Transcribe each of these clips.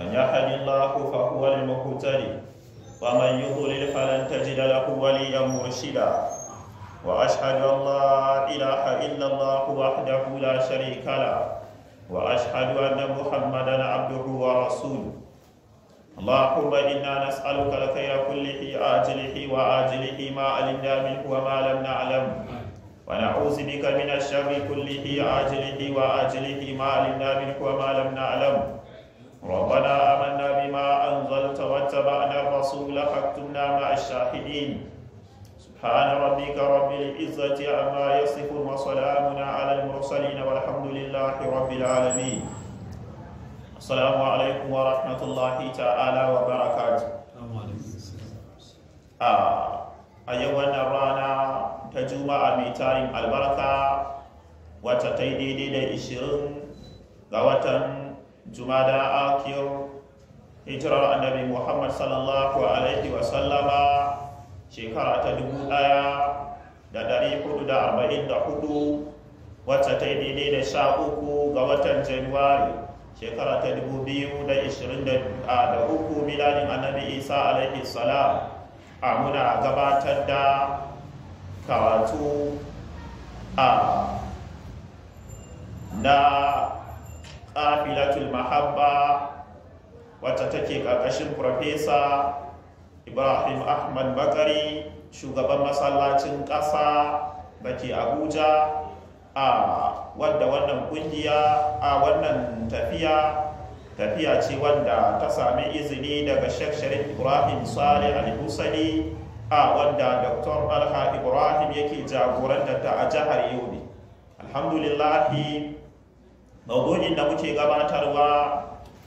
من يهد الله فهو المهتدي ومن يضلل فلن تجد له وليا مرشدا واشهد ان لا اله الا الله وحده لا شريك له واشهد ان محمدا عبده ورسوله اللهم انا نسالك الخير كله اجله واجله ما علمنا منه وما لم نعلم ونعوذ بك من الشر كله اجله واجله ما علمنا منه وما لم نعلم ربنا آمنا بما أنزلت واتبعنا الرسول فاكتبنا مع الشاهدين سبحان ربك رب العزة عما يصفون وسلام على المرسلين والحمد لله رب العالمين السلام عليكم ورحمة الله تعالى وبركاته آه أيها النرانا تجمع ميتاين البركة وتتيدي لإشرين ga watan jumada akir hijirar annabi muhammad sallallahu alaihi wa sallama, shekara ta dubu daya da dari hudu da arba'in da hudu wacce ta yi daidai da sha uku ga watan januwari shekara ta dubu biyu da ishirin da uku milanin annabi isa alaihi salam a muna gabatar da karatu a na qafilatul mahabba wacce take ƙarƙashin Profesa Ibrahim Ahmad Bakari shugaban masallacin ƙasa da ke Abuja a wadda wannan ƙungiya a wannan tafiya tafiya ce wanda ta sami izini daga Sheikh Sharif Ibrahim sale Al-Husani a wanda Dr. Alha Ibrahim yake jagoranta ta a jihar Yobe. Alhamdulillahi maudu'in da muke gabatarwa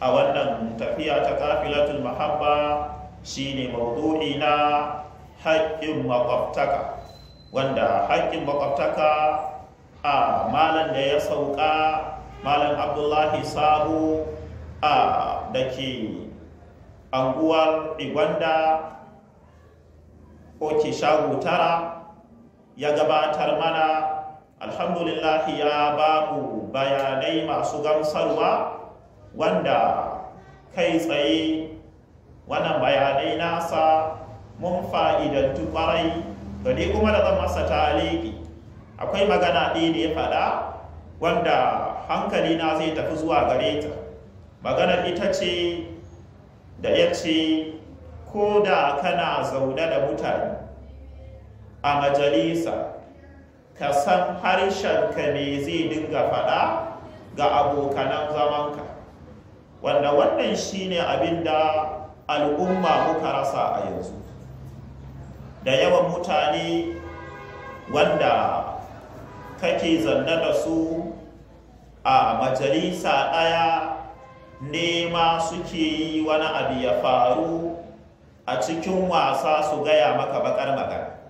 a wannan tafiya ta kafilatul mahabba shine maudu'i na haƙƙin makwabtaka wanda haƙƙin makwabtaka a malam da ya sauka malam abdullahi sabu a da ke anguwar igwanda ko ke shago tara ya gabatar mana alhamdulillahi ya ba mu bayanai masu gamsarwa wanda kai tsaye wannan bayanai nasa mun fa'idantu ƙwarai da dai kuma da zan masa taliki akwai magana ɗaya da ya faɗa wanda hankali na zai tafi zuwa gare ta maganar ita ce da ya ce ko da kana zaune da mutane a majalisa ka san harshenka ne zai dinga faɗa ga abokanan zamanka wanda wannan shine abin da al'umma muka rasa a yanzu da yawan mutane wanda kake zanne da su a majalisa ɗaya nema suke yi wani abu ya faru a cikin wasa su gaya maka bakar magana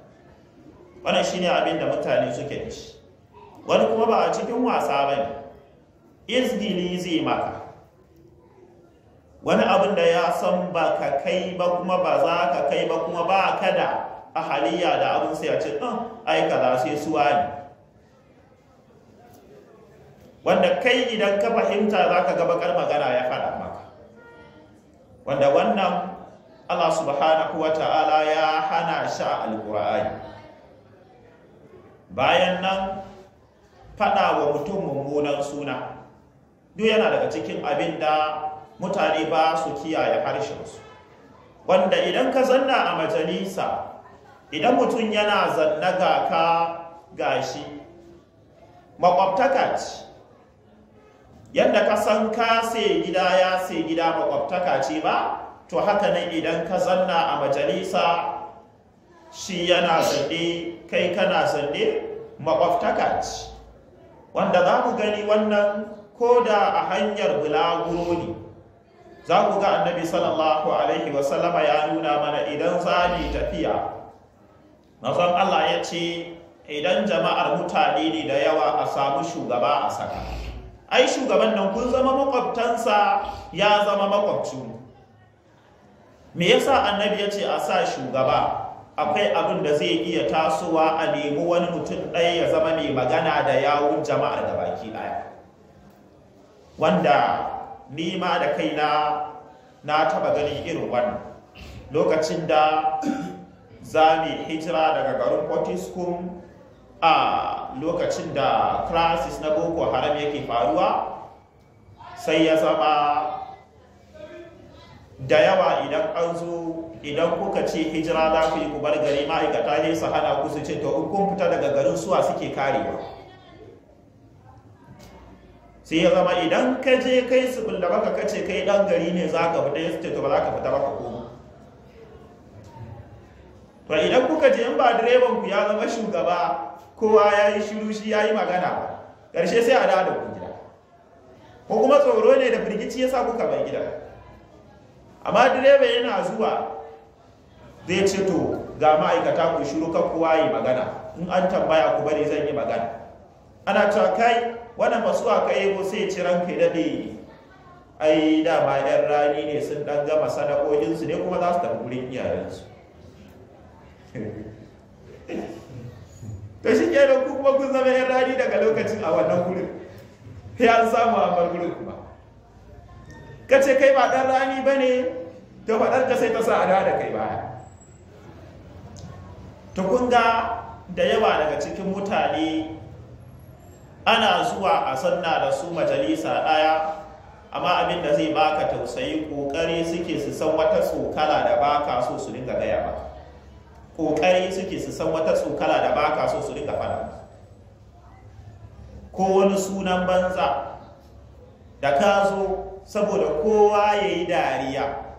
shi ne abin da mutane suke ci. wani kuma ba a cikin wasa ba ne izgili zai maka wani abin da ya san ba ka kai ba kuma ba za ka kai ba kuma ba ka da a haliya da abin sai a ce ah, aika za sai suwa ne wanda kai idan ka fahimta za ka ga bakar magana ya faɗa maka wanda wannan allah subhanahu wa ta'ala ya hana sha al-qur'ani bayan nan faɗa wa mutum mummunan suna duk yana daga cikin abin da mutane ba su kiyaye harshensu wanda idan ka zanna a majalisa idan mutum yana zanna ga ka gashi ce yadda ka san ka sai gida ya sai gida makwabtaka ce ba to haka nan idan ka zanna a majalisa shi yana sande, kai kana sande. maƙwabtaka ce wanda za ku gani wannan ko da a hanyar bulaguro ne za ku ga annabi sallallahu alaihi wasallama ya nuna mana idan za mu tafiya mazan allah ya ce idan jama'ar mutane ne da yawa a samu shugaba a saka ai shugaban nan kun zama makwabtansa ya zama makwabcin me yasa annabi ya ce a sa shugaba akwai abin da zai iya tasowa a nemi wani mutum ɗaya ya zama mai magana da yawun jama'ar da baki ɗaya wanda ni ma da kaina na taba ganin irin wannan lokacin da za mu hijira daga garin potiskum a lokacin da crisis na boko haram yake faruwa sai ya zama da yawa idan an zo idan kuka ce hijira za ku yi ku bar gari ma'aikata ne su hana ku su ce to in kun fita daga garin suwa suke karewa sai ya zama idan ka je kai su bulla baka kace kai dan gari ne za ka fita su ce to ba za ka fita baka komo. to idan kuka je in ba direban ku ya zama shugaba kowa ya yi shiru shi ya yi magana ba ƙarshe sai a da ku gida ko kuma tsoro ne da firgici ya sa kuka bai gida amma direba yana zuwa zai ce to ga ma'aikata ku shiru kan kowa yi magana in an tambaya ku bari zan yi magana ana cewa kai wannan masu aka yi ko sai ci ranka ya dade ai dama yan rani ne sun dan gama sana'o'insu ne kuma za su tafi wurin iyayensu to shi ke ku kuma kun zama yan rani daga lokacin a wannan gurin ya samu a gurin kuma ka ce kai ba ɗan rani ba ne ta faɗar ka sai ta sa a da kai baya ta kunga da yawa daga cikin mutane ana zuwa a sanna da su majalisa ɗaya amma abin da zai baka tausayi ƙoƙari suke su san wata tsokala da baka so su dinga gaya ba ƙoƙari suke su san wata tsokala da baka so su dinga faɗa ko wani sunan banza da ka zo saboda kowa ya yi dariya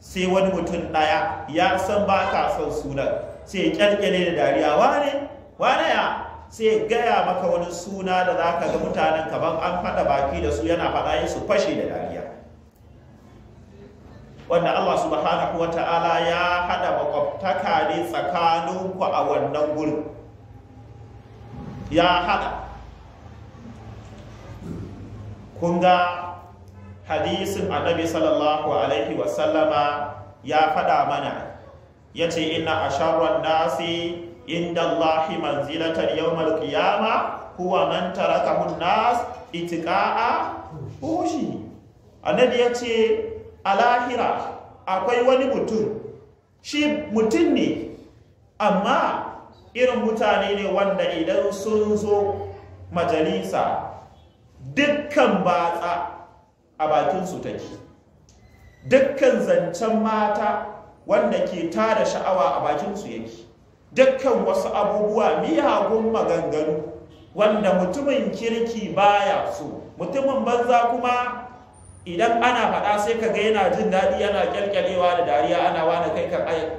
sai wani mutum ɗaya ya san ba ka son sunan sai da dariya wane wane ya sai gaya maka wani suna da za ka ga mutanen kaban an faɗa baki da su yana faɗa yin su fashe da dariya wanda Allah subhanahu wa ta'ala ya haɗa makwabtaka ne tsakaninku a wannan gurin ya haɗa kun ga hadisin annabi sallallahu alaihi wasallama ya faɗa mana ya ce ina a sharon nasi inda Allahi manzilatar yau malkiyama kuwa nan taraka hun nas itiqa'a hushi annabi ya ce a lahira akwai wani mutum shi mutum ne amma irin mutane ne wanda idan sun zo majalisa dukkan batsa a bakinsu take dukkan zancen mata wanda ke tada sha'awa a bakinsu yake dukkan wasu abubuwa miyagun maganganu wanda mutumin kirki baya so mutumin banza kuma idan ana faɗa sai ka ga yana jin daɗi yana kyalkyalewa da dariya ana wani kai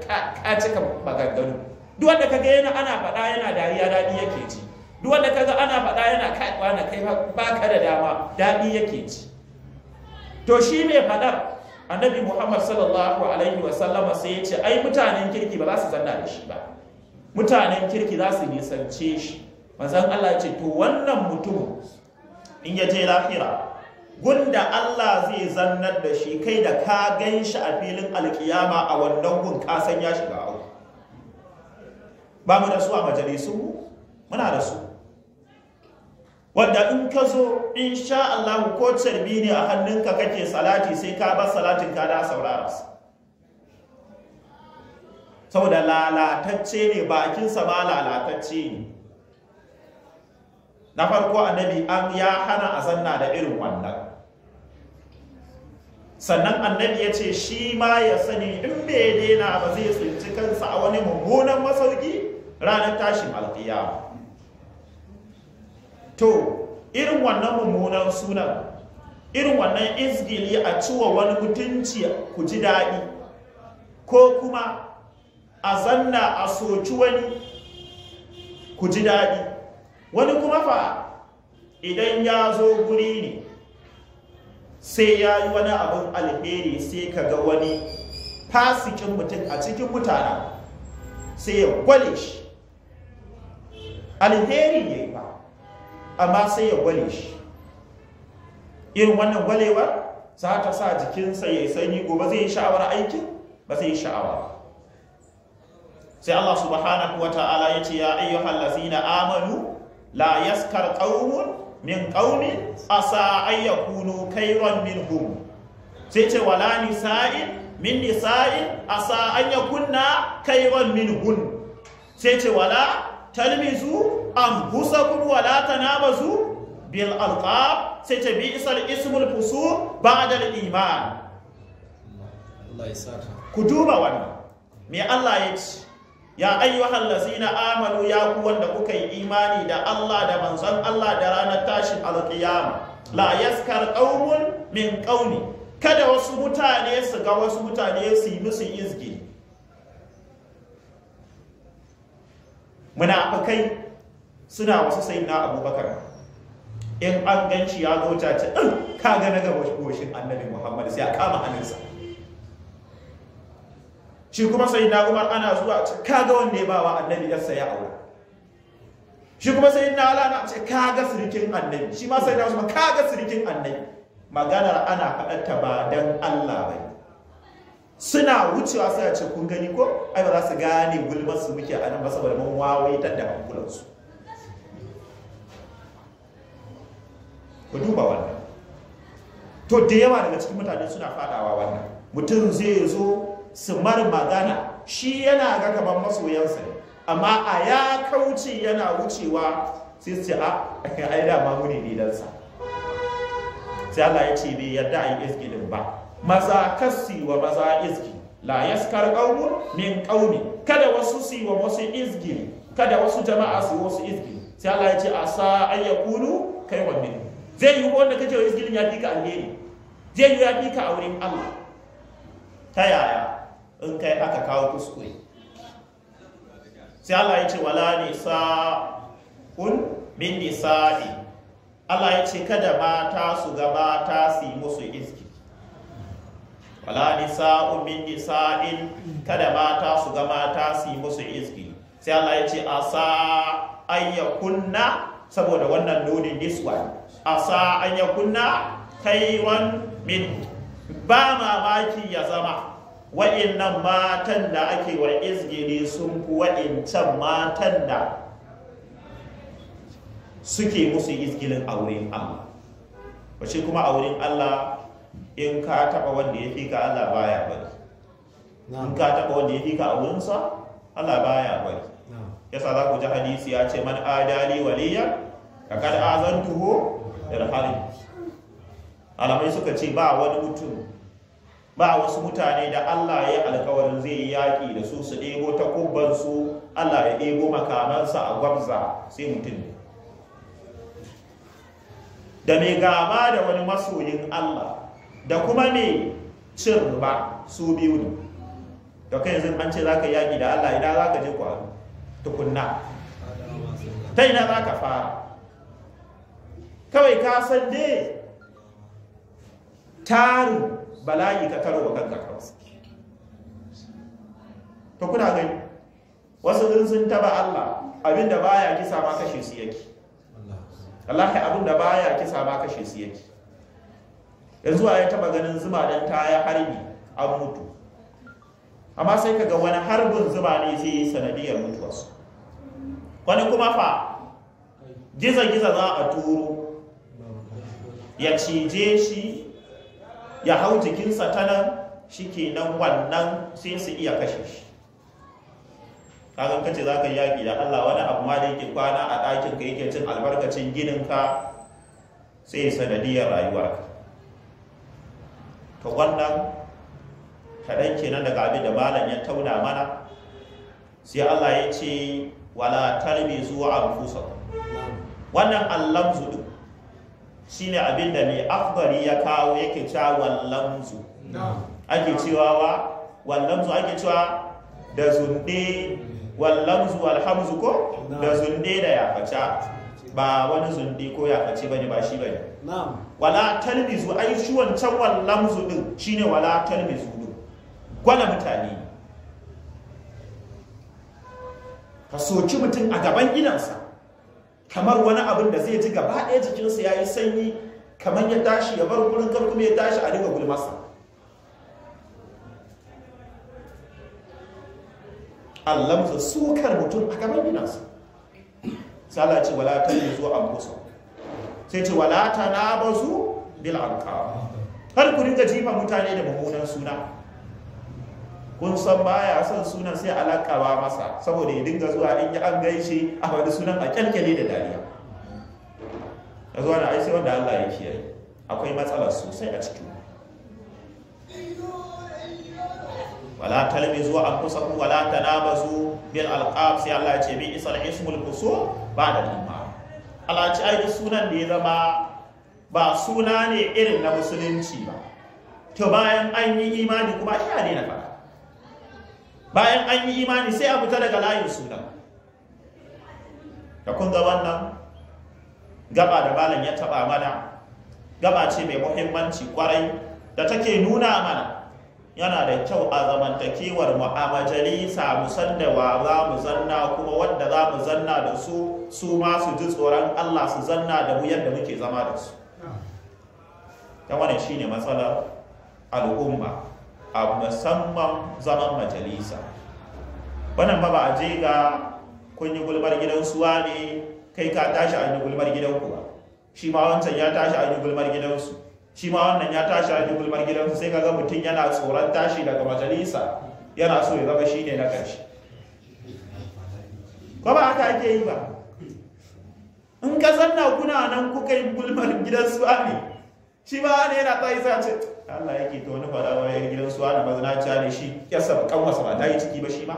ka cika maganganu duk wanda ka ga yana ana faɗa yana dariya daɗi yake ji duk wanda ka ga ana faɗa yana kai wani kai ba ka da dama daɗi yake ji to shi mai fadar annabi muhammad sallallahu alaihi wasallama sai ya ce ai mutanen kirki ba za su zanna da shi ba mutanen kirki za su nisance shi mazan allah ya ce to wannan mutum in ya je lafira gunda allah zai zannar da shi kai da ka gan shi a filin alkiyama a wannan gun ka san ya shiga ba mu da su a majalisu muna da su wadda in ka zo in sha Allah ko carbi ne a hannunka kake salati sai ka ba salatin ka da saurara su saboda lalatacce ne bakinsa ba lalatacce ne na farko annabi an ya hana a zanna da irin wannan sannan annabi ya ce shi ma ya sani in bai daina ba zai tsinci kansa a wani mummunan masauki ranar tashin alkiyama to irin wannan mummunan sunan irin wannan izgili a ciwa wani mutunci ku ji daɗi ko kuma a zanna a soci wani ku ji daɗi wani kuma fa idan ya zo guri ne sai ya yi wani abin alheri sai ka ga wani fasikin mutum a cikin mutane sai ya gwale shi alheri ya yi ba amma sai ya gwale shi irin wannan gwalewar za ta sa jikinsa ya sanyi gobe zai yi sha'awar aikin ba zai yi sha'awa sai Allah subhanahu wa ta'ala ya ce ya ayyuhal na amanu la yaskar ƙaunun min qaumin asa ay yakunu min minhum sai ce wala nisa'in min nisa'in asa kunna yakunna min hun sai ce wala talmizu anfusakum wa la tanabazu bil alqab sai ta bi isal ismul fusu ba'da al iman ku duba wannan me Allah ya ce ya ayyuhal na amanu ya ku wanda kuka yi imani da Allah da manzon Allah da ranar tashin alqiyama la yaskar qaumun min qaumi kada wasu mutane su ga wasu mutane su yi musu izgiri munafikai suna wasu sai na abubakar in an ganci ya gauta ce ɗin kaga na ga goshin annabi Muhammadu sai a kama hannunsa shi kuma sai na umar ana zuwa ce ga wanda ya bawa annabi yarsa ya aure shi kuma sai na alana ce ga sirikin annabi shi ma sai na ka ga sirikin annabi maganar ana ta ba don allah bai suna wucewa suna ce kun gani ko ai ba za su gane gulmar su muke a nan ba saboda mun wawaitar da su ku duba wannan to da yawa daga cikin mutane suna fadawa wannan mutum zai zo su mar magana shi yana ga gaban masoyansa amma a ya kauce yana wucewa sai su ce a ah, ai ma muni ne dan sa sai Allah ya ce bai yarda a yi din ba maza kassi wa maza izgi la yaskar qaumun min qaumi kada wasu si wa wasu izgi kada wasu jama'a su wasu izgi sai Allah ya ce asa an kai wa min zai yi wanda kake wa izgilin ya fi ka alheri zai yi ya fi ka auren Allah ta yaya in kai aka kawo kuskure sai Allah ya ce wala kun min nisa'i Allah ya ce kada mata su gaba ta su yi musu izgi wala nisa'u min nisa'in kada mata su ga mata su yi musu izgi sai Allah ya ce asa an kunna saboda wannan nunin niswa asa an kunna kaiwan min ba mamaki ya zama wa'innan matan da ake wa izgiri sun fi wa'incan matan da suke musu izgilin a wurin Allah wace kuma a wurin Allah in ka taba wanda ya fi ka Allah baya bari in ka taba wanda ya fi ka a wurinsa Allah baya bari yasa za ku ji hadisi ya ce man adali waliya kakar azantuhu da harbi alamai suka ce ba wani mutum ba wasu mutane da Allah ya yi alkawarin zai yi yaƙi da su su ɗebo ta kubbansu Allah ya ɗebo makamansa a gwamza sai mutum da mai gama da wani masoyin Allah da kuma me cin riba su biyu ne da kai yanzu an ce za ka yaƙi da Allah idan za ka je kwa tukunna ta ina za ka fara kawai ka san dai tarin bala'i ka karo wa kanka to kuna gani wasu zin sun taba Allah abinda baya kisa ma kashe su yake Allah abinda baya kisa ma kashe su yake ya zuwa ya taba ganin zuma don ta ya harbi an mutu amma sai ka ga wani harbin zuma ne sai yi sanadiyar mutuwarsu wani kuma fa giza-giza za a turo ya cije shi ya hau jikinsa ta nan shi ke nan wannan sai su iya kashe shi kakan za ka yaƙi da allah wani abu ma da yake kwana a ɗakin ka yake cin albarkacin gininka sai sanadiyar rayuwarka to wannan kaɗan kenan daga abin da malam ya tauna mana sai Allah ya ce wala talbi zuwa anfusa wannan zuɗu shi ne abin da mai afgari ya kawo yake cewa zu ake cewa wa zu ake cewa da zunde zu alhamzu ko da zunde da yafaca ba wani zunde ko yafaci bane ba shi bane wala talmizu ai shi wancan wallamzu din ne wala talmizu din Gwana mutane ka soki mutum a gaban idansa kamar wani abin da zai ji gaba ɗaya jikinsa ya yi sanyi kamar ya tashi ya bar gurin kar kuma ya tashi a riga gulmasa allamsa sukar mutum a gaban idansa sala ce wala talmizu an kusa sai ce wala su bil alqab har ku rinka jifa mutane da mumunan suna kun san baya son sunan sai ba masa saboda ya dinga zuwa in yi an gaishe a wani sunan a kyalkyale da dariya da zuwa da aisi wanda Allah ya kiyaye akwai matsalar sosai a cikin wala talmi zuwa an kusa ku wala tanabazu bil alqab sai Allah ya ce bi isal ismul kusur ba da limma alaci ai sunan da ya zama ba suna ne irin na musulunci ba to bayan an yi imani kuma iya ne na fara bayan an yi imani sai a fita daga layin suna. da kun wannan gaba da malam ya taba mana gaba ce mai muhimmanci kwarai da take nuna mana yana da kyau a zamantakewar mu a majalisa mu za mu zanna kuma wanda za mu zanna da su su ma su ji tsoron Allah su zanna da mu yadda muke zama da su ta shi shine matsalar al'umma a musamman zaman majalisa wannan ba ba a je ga kun yi gulmar gidan suwa ne kai ka tashi a yi gulmar gidan ku ba shi ma wancan ya tashi a yi gulmar gidansu shi ma wannan ya tashi a yi gulmar gidansu sai ka ga mutum yana tsoron tashi daga majalisa yana so ya zama shi ne na ƙarshe ko ba haka ake yi ba in ka sanna kuna nan kuka yi gulmar gidan su ne shi ba ne yana ta sa ce Allah yake ta wani faɗa wa gidan su ne mazinaciya ne shi kyasa kanwasa ba ta yi ciki ba shi ba?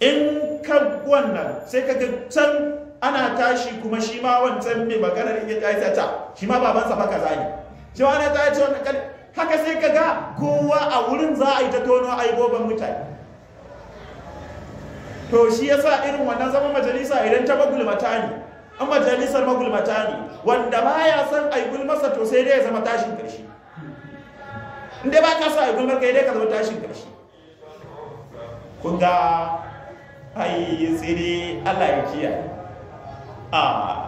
in ka wannan sai ka ga can ana tashi kuma shi ma wancan mai maganar iya ta yi ta shi ma babansa sa kaza ne shi ma ana ta yi haka sai ka ga kowa a wurin za a yi ta tono a yi aiboban mutane to shi yasa irin wannan zama majalisa idan ta magulmata ne an majalisar magulmata ne wanda ya san a yi gulmarsa to sai dai ya zama tashin karshe inda ba ka sa a yi gulmar kai dai ka zama tashin karshe kun ga ai dai Allah ya kiya a ah,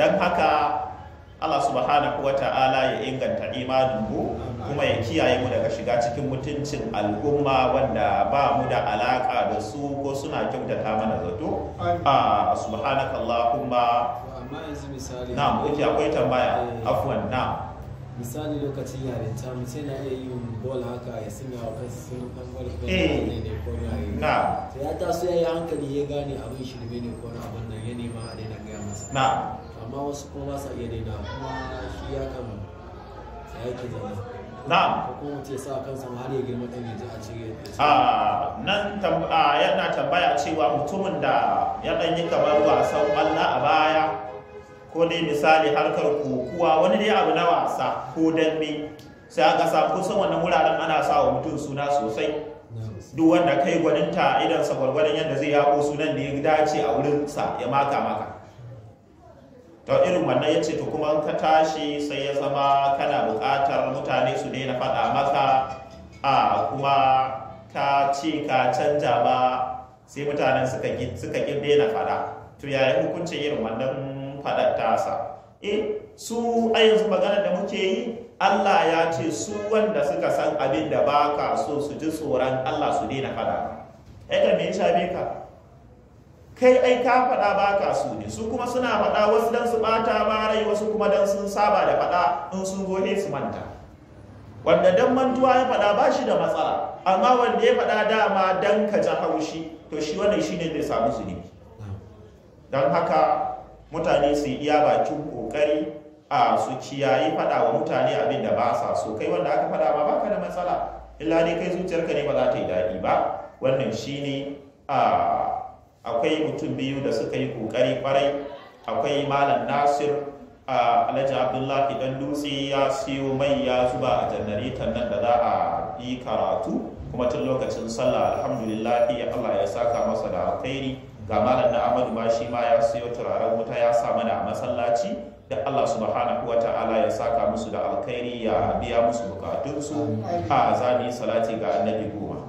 don haka Allah subhanahu wa ta'ala ya inganta imanin mu kuma ya kiyaye mu daga shiga cikin mutuncin al'umma wanda ba mu da alaka da su ko suna kyautata mana zato a ah, subhanakallahumma amma yanzu misali na mu akwai tambaya eh, afwan na misali lokacin yarinta mutum na iya yi yin bol haka ya sanya wa kansu sun kan bol ne ne ko na ya taso ya yi hankali ya gane abin shirme ne ko na abin nan ya nema a daina gaya masa na amma wasu kuma ba sa iya daina kuma shi ya kan ya yake zama na ko kuma mutum ya sa kansa har ya girma ɗan yanzu a cikin a ah, nan ah, yana tambaya cewa mutumin da ya ɗan yi kamar wasan Allah a baya ko dai misali harkar kokuwa wani dai abu na wasa ko dambe sai aka sa kusan wannan wuraren ana sa wa mutum suna sosai duk wanda kai gwaninta idan sa gwargwadon yadda zai yako sunan da ya dace a wurin sa ya maka maka to irin wannan ya ce to kuma ka tashi sai ya zama kana buƙatar mutane su daina faɗa maka a kuma ka ce ka canja ba sai mutanen suka girbe daina faɗa to yaya hukuncin irin wannan faɗar tasa eh su a yanzu maganar da muke yi Allah ya ce su wanda suka san abin da baka so su ji tsoron Allah su daina faɗa. Ai me ya shafe ka? kai ai ka faɗa ba ka su ne su kuma suna faɗa wasu dan su bata ba rai wasu kuma dan sun saba da faɗa in sun gode su manta wanda dan mantuwa ya faɗa ba shi da matsala amma wanda ya faɗa dama dan ka ji haushi to shi wannan shine zai samu zunubi don haka mutane su iya bakin kokari a su ciyayi faɗa wa mutane abin da ba sa so kai wanda aka faɗa ma baka da matsala illa dai kai zuciyarka ne ba za ta yi daɗi ba wannan shine a akwai mutum biyu da suka yi kokari kwarai akwai malam nasir a alhaji abdullahi dan dutse ya siyo mai ya zuba a janaritan nan da za a yi karatu kuma tun lokacin sallah alhamdulillah allah ya saka masa da alkhairi ga malam na amadu ma shi ma ya siyo turaren wuta ya sa mana a masallaci da Allah subhanahu ta'ala ya saka musu da alkhairi ya biya musu bukatunsu a zani salati ga annabi goma